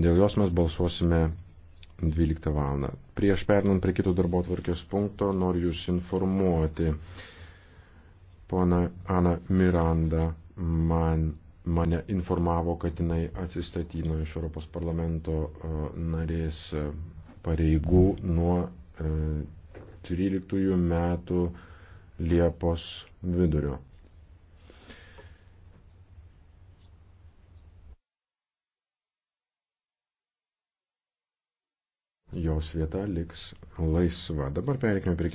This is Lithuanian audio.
Dėl jos mes balsuosime 12 val. Prieš pernant prie kito darbo tvarkės punkto noriu Jūs informuoti. Pona Ana Miranda man, mane informavo, kad jinai atsistatino iš Europos parlamento e, narės e, pareigų nuo 13 e, metų Liepos vidurio. jos vieta liks laisva. Dabar pereikime prie